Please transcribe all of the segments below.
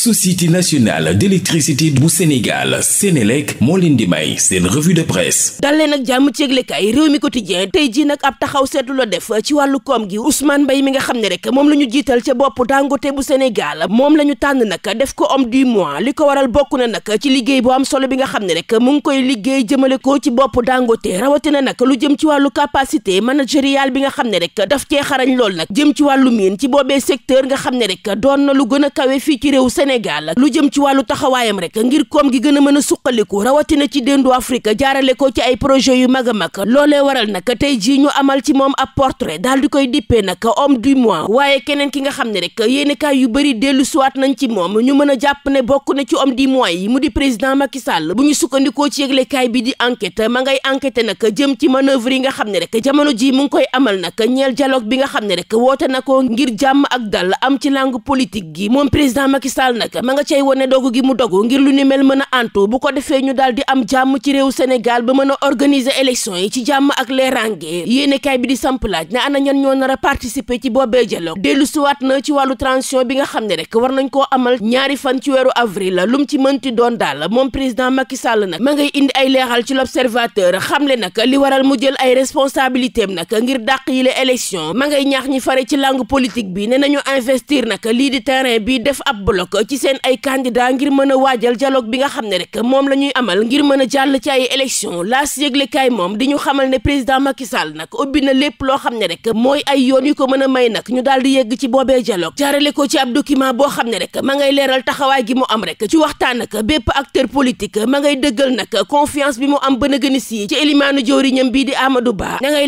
société nationale d'électricité bu Sénégal Sénélec moo leen di may seen revue de presse dal leen jàmm ci yëglekaay réew mi quotidien tey ji nag ab taxaw seetlu la def ci wàllu koom gi Ousmane Mbaye mi nga xam ne rek moom la ñu jiital ca bopp Dangote bu Sénégal moom la ñu tànn nag def ko homme du mois li ko waral bokk na nag ci liggéey bu am solo bi nga xam ne rek mu ngi koy liggéey jëmale ko ci bopp Dangote rawatina nag lu jëm ci wàllu capacité managériale bi nga xam ne rek daf cee xarañ lool nag jëm ci wàllu miin ci boobee secteur nga xam ne rek a Sénégal lu jëm ci wàllu taxawaayam rek ngir koom gi gën a mën a suqaliku rawatina ci déndu Afrique jaarale ko ci ay projet yu mag a mag loolee waral nag tey jii ñu amal ci moom ab portrait daal di koy dippee nag homme du mois waaye keneen ki nga xam ne rek yéenekaay yu bëri dellu suwaat nañ ci moom ñu mën a jàpp ne bokk na ci homme du mois yi mu di président Macky Sall bu ñu sukkandikoo ci yëglekaay bi di enquête ma ngay enquêté nag jëm ci manœuvre yi nga xam ne rek jamono ji mu ngi koy amal nag bi nga xam ne rek woote na ko ngir jàmm ak na ma nga cey wone dogu gi mu dogu ngir lu ni mel mën a antu ko defee ñu daal di am jàmm ci réew Sénégal ba mën a organiser élection yi ci jàmm ak leerange yéenekaay bi di samp laaj ne ana ñan ñoo nar a participer ci boobee dialogue dellu siwaat na ci wàllu transition bi nga xam ne rek war nañ koo amal ñaari fan ci weeru avril lu mu ci mënti doon daal moom président Macky Sall nag ma ngay indi ay leexal ci l'observateur xamle nag li waral mu jël ay responsabilité am nag ngir dàq yi la élection ma ngay ñaax ñi fare ci langue politique bi ne nañu investir nag lii di terrain bi def ab bloc ci seen ay candidat ngir mën a waajal dialogue bi nga xam ne rek moom la ñuy amal ngir mën a jàll ci ay élection laas yëglekaay moom di ñu xamal ne président Macky Sall nag ubbi na lépp loo xam ne rek mooy ay yoon yu ko mën a may nag ñu daal di yegg ci boobee dialogue jaarale ko ci ab document boo xam ne rek ma ngay leeral taxawaay gi mu am rek ci waxtaan nag bépp acteur politique ma ngay dëggal nag confiance bi mu am bën a gën a sii ci élimaanu jëwriñam bii di Amadou Ba na ngay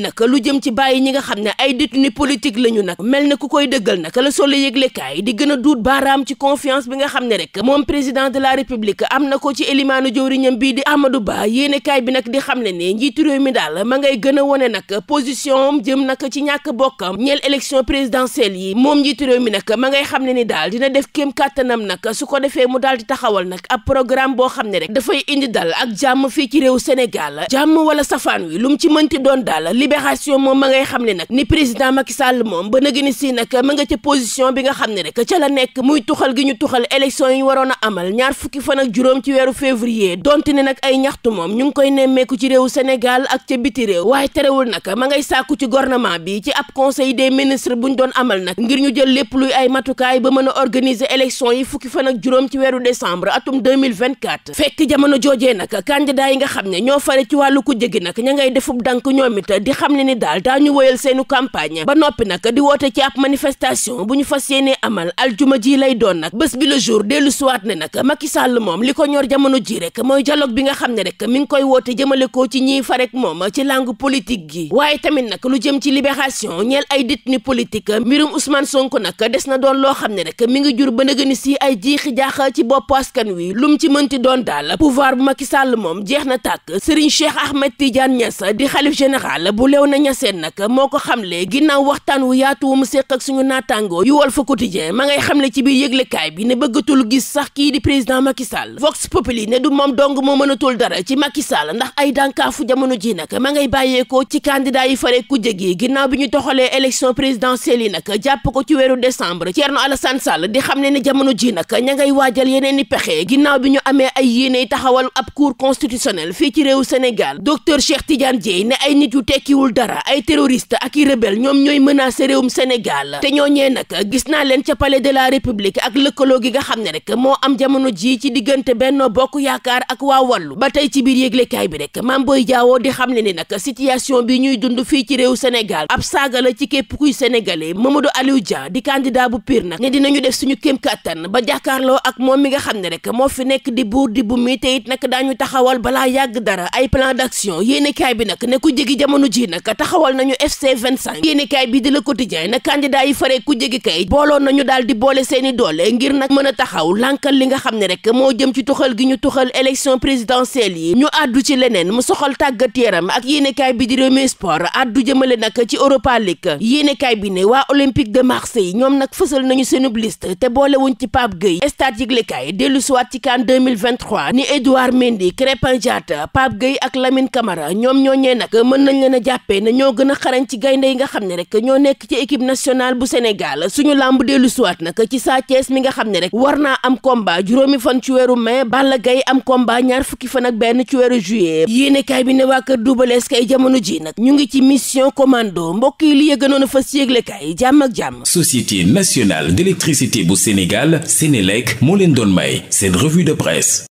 nag lu jëm ci bàyyi ñi nga xam ne ay détenu politique la ñu nag mel na ku koy dëggal nag la solo yëglekaay di gën a duut baaraam ci confiance bi nga xam ne rek moom président de la république am na ko ci élimaanu jëwriñam bii di Amadou Ba yéenekaay bi nag di xam ne ne njiitu réew mi daal ma ngay gën a wone nag position jëm nag ci ñàkk bokkam ñeel élection présidentielle yi moom njiitu réew mi nag ma ngay xam ne ni daal dina def kem kàttanam nag su ko defee mu daal di taxawal nag ab programme boo xam ne rek dafay indi dal ak jàmm fii ci réew Sénégal jàmm wala safaan wi lu mu ci mënti doon daal libération moom ma ngay xam ne nag ni président Macky Sall moom ba nag ni nag ma nga ca position bi nga xam ne rek ca la nekk muy tuxal gi ñu tuxal élection yi waroon a amal ñaar fukki fan ak juróom ci weeru février donte ne nag ay ñaxtu moom ñu ngi koy nemmeeku ci réew Sénégal ak ca biti réew waaye terewul nag ma ngay sàkku ci gouvernement bi ci ab conseil des ministres bu ñu doon amal nag ngir ñu jël lépp luy ay matukaay ba mën a organise élection yi fukki fan ak juróom ci weeru décembre atum 2024 fekk jamono joojee nag candidat yi nga xam ne ñoo fare ci wàllu ku jëgi nag ña ngay defub dànk ñoom it di ne ni daal daa ñu woyal seenu campagne ba noppi nag di woote ci ab manifestation bu ñu fas yéenee amal aljuma ji lay doon yoon nag bés bi la jour dellu suwaat ne nag Macky Sall moom li ko ñor jamono ji rek mooy dialogue bi nga xam ne rek mi ngi koy woote jëmale ko ci ñiy farek moom ci langue politique gi waaye tamit nag lu jëm ci libération ñeel ay ni politique mbirum Ousmane sonk nag des na doon loo xam ne rek mi ngi jur ba nëgëni si ay jiixi jaaxa ci bopp askan wi lu mu ci mënti doon daal pouvoir bu Macky Sall moom jeex na tàkk Serigne Cheikh Ahmed Tidiane Niass di xalif général bu lew na ñaseen nag moo ko xamle ginnaaw waxtaan wu yaatu wu mu suñu naataangoo yu Walf Quotidien ci biir yëgle kaay bi ne bëggatul gis sax kii di président Macky Sall Vox Populi ne du moom dong moo mënatul dara ci Macky Sall ndax ay dànkaafu jamono ji nag ma ngay bàyyeekoo ci candidat yi fare ku jege ginnaaw bi ñu toxalee élection présidentielle yi nag jàpp ko ci weeru décembre Thierno Alassane Sall di xam ne ni jamono ji nag ña ngay waajal yeneen i pexe ginnaaw bi ñu amee ay yéene taxawal ab cour constitutionnelle fii ci réew Sénégal docteur Cheikh Tidiane Dièye ne ay nit yu tekkiwul dara ay terroriste ak i rebelle ñoom ñooy menacer réewum Sénégal te ñooñee nag gis naa leen ca palais de la République ak lëkkaloo gi nga xam ne rek moo am jamono ji ci diggante Benno Bokk Yaakaar ak waa Wallu ba tey ci biir yëglekaay bi rek Mame Boye Diao di xam ne ni nag situation bi ñuy dund fii ci réew Sénégal ab saaga la ci képp kuy sénégalais Mamadou Aliou Dia di candidat bu PUR nag ne dinañu def suñu kéem ba jàkkaarloo ak moom mi nga xam ne rek moo fi nekk di buur di bu mi te it nag daañu taxawal balaa yàgg dara ay plan d'action yéenekaay bi nag ne ku jegi jamono ji nag taxawal nañu FC 25 yéenekaay bi di Le Quotidien na candidat yi fare ku jegi kay booloon nañu daal di boole seeni doole doole ngir nag mën a taxaw lànkal li nga xam ne rek moo jëm ci tuxal gi ñu tuxal élection présidentielle yi ñu àddu ci leneen mu soxal tàggat yaram ak yéenekaay bi di Rewmi Sport àddu jëmale nag ci Europa League yéenekaay bi ne waa Olympique de Marseille ñoom nag fësal nañu seenub liste te boolewuñ ci Pape Gueye stade yëglekaay dellu siwaat ci CAN 2023 ni Edouard Mendy Crépin Diatta Pape Gueye ak Lamine Camara ñoom ñooñee nag mën nañ leen a jàppee na ñoo gën a xarañ ci gaynde yi nga xam ne rek ñoo nekk ci équipe nationale bu Sénégal suñu làmb dellu siwaat nag ci Sa mi nga xam ne rek war naa am combat juróomi fan ci weeru mai Balla Gaye am combat ñaar fukki fan ak benn ci weeru juillet yéenekaay bi ne waa kër Double kay jamono ji nag ñu ngi ci mission commando mbokk yi li yëgënoon a fas yéeglekaay jàmm ak jàmm. Société nationale d'électricité bu Sénégal Sénélec moo leen doon may seen revue de presse.